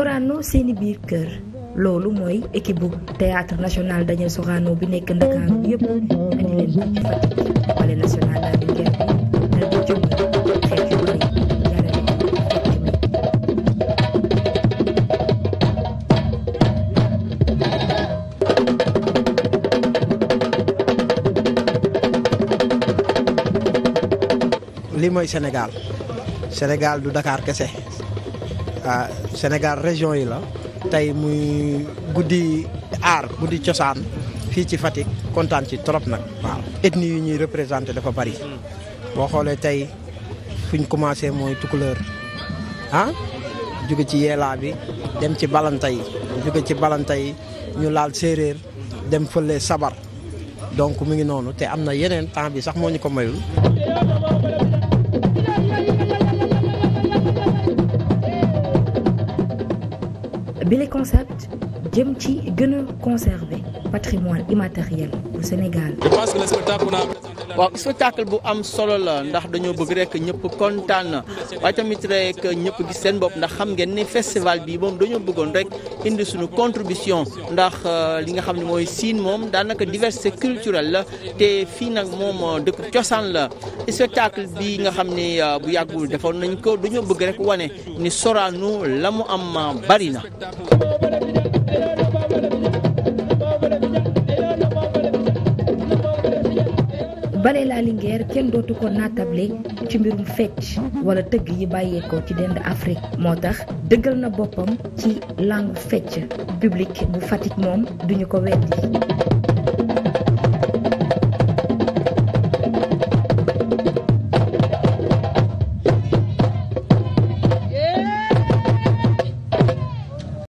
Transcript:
Sorano seeni biir kër loolu mooy équipe bu théâtre national Daniel bi nekk Ndakaaru yëpp andi leen ci Fatick palais national daal di gerte daal di jëm xeet yu bëri li mooy Sénégal Sénégal du Dakar kese Ah, Sénégal région yi la tey muy guddi aar guddi cosaan fii ci Fatick kontaan ci trop nag. waaw yu ñuy représenté dafa bari. Hmm. boo xoolee tey fuñ commencé mooy tukuleur ah jóge ci yeelaa bi dem ci balanta yi jóge ci balanta ñu laal séeréer dem fële sabar donc mu ngi noonu te am na yeneen temps bi sax moo ñu ko mayul. bi les concept jëm ci gën a patrimoine immatériel bu Sénégal. waaw spectacle bu am solo la ndax dañoo bëgg rek ñëpp kontaan waaye tamit rek ñëpp gis seen bopp ndax xam ngeen ni festival bi moom dañoo bëggoon rek indi suñu contribution ndax euh, li nga xam ne mooy Sine moom daanaka diversité culturelle la te fii nag moom euh, dëkk cosaan la spectacle bi nga xam ne euh, bu yàggul defoon nañ ko dañoo bëgg rek wane ni soraanu la mu am bari na. bale la Linguère kenn dootu ko naatable ci mbirum fecc wala tëgg yi bàyyeekoo ci dend Afrique moo tax dëggal na boppam ci langue fecc public bu Fatick moom duñu ko weddi